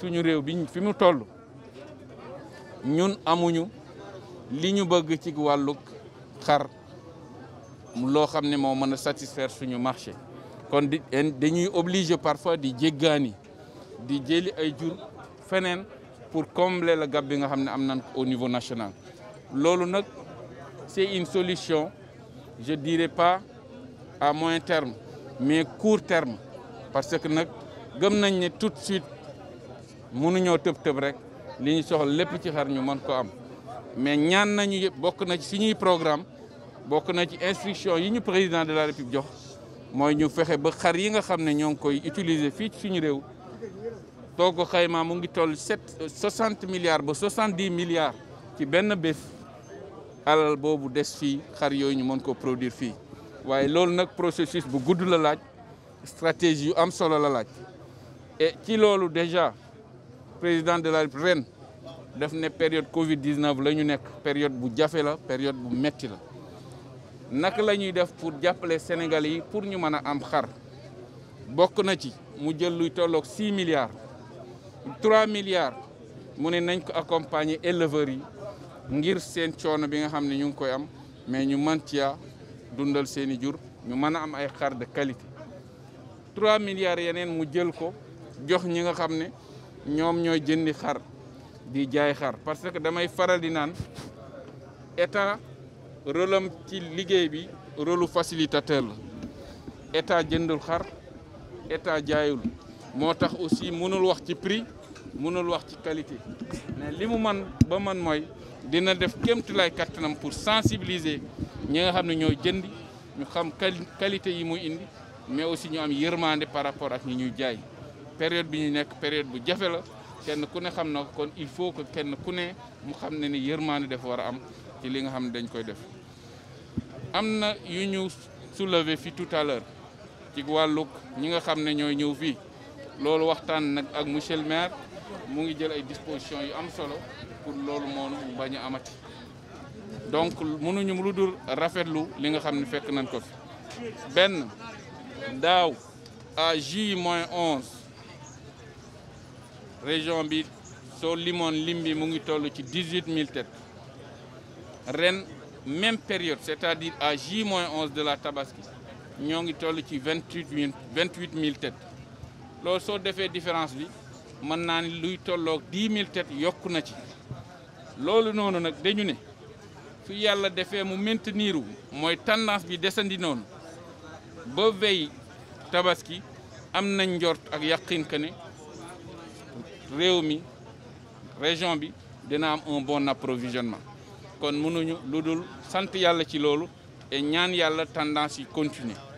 suñu réew bi fi mu toll ñun amuñu li ñu bëgg ci walu xar loo xam ne moo mën a satisfaire suñu marché kon di dañuy obligé parfois di jéggaani di jëli ay jur feneen pour combler le gap bi nga xam ne am nañ au niveau national loolu nag c'est une solution je dirais pas à moyen terme mais court terme parce que nag gëm nañ ne tout de suite mënuñoo tëb tëb rek li ñu soxla lépp ci xar ñu mën ko am mais ñaan nañu yëpp bokk na ci suñuy programme bokk na ci instruction yi ñu président de la république jox mooy ñu fexe ba xar yi nga xam ne ñoo ngi koy utiliser fii ci suñu réew too ko xaymaa mu ngi toll sept soixante milliards ba soixante dix milliards ci benn bés alal boobu des fii xar yooyu ñu mën ko produire fii waaye loolu nag processus bu gudd la laaj stratégie yu am solo la laaj et ci loolu déjà président de la République ren daf ne période Covid 19 la ñu nekk période bu jafé la période bu metti la nak la ñuy def pour les Sénégalais yi pour ñu mëna des am xar bokk na ci mu jël luy tolok 6 milliards 3 milliards mu né nañ ko accompagner éleveurs yi ngir seen coono bi nga xamné ñu ngi koy am mais ñu mën ci dundal ñu mëna am ay xar de qualité 3 milliards yenen mu jël ko jox ñi nga ñoom ñooy jëndi xar di jaay xar parce que damay faral di naan état rôle am ci liggéey bi rôle facilitateur la état jëndul xar état jaayul moo tax aussi mënul wax ci prix mënul wax ci qualité mais li mu man ba man mooy dina def kéemtulaay kattanam pour sensibiliser ñi nga xam ne ñooy jëndi ñu xam qualité yi mu indi mais aussi ñu am yërmande par rapport ak ñi ñuy jaay période bi ñu nekk période bu jafe la kenn ku ne xam na kon il faut que kenn ku ne mu xam ne ni yërmaande dafa war a am ci li nga xam ne dañ koy def am na yu ñu soulever fi tout à l'heure ci wàllug ñi nga xam ne ñooy ñëw fii loolu waxtaan nag ak monsieur maire mu ngi jël ay dispositions yu am solo pour loolu moonu mu bañ a amati donc mënuñu lu dul rafetlu li nga xam ne fekk nañ ko fi benn daaw à J moins région bi so limone limbi mu ngi 18 000 têtes Rennes même période c'est-à-dire à J-11 de la Tabaski ñoo ngi tollu 28 000 têtes lo so défé différence bi man naan luy 10 000 têtes yokku na ci lolu nonu nak dañu né fu yalla défé mu maintenirou moy tendance bi descendi non ba veille Tabaski am nañ ak yaqin que réew région bi dina am un bon approvisionnement kon mënuñu lu sante yalla ci lolu et ñaan yalla tendance yi continuer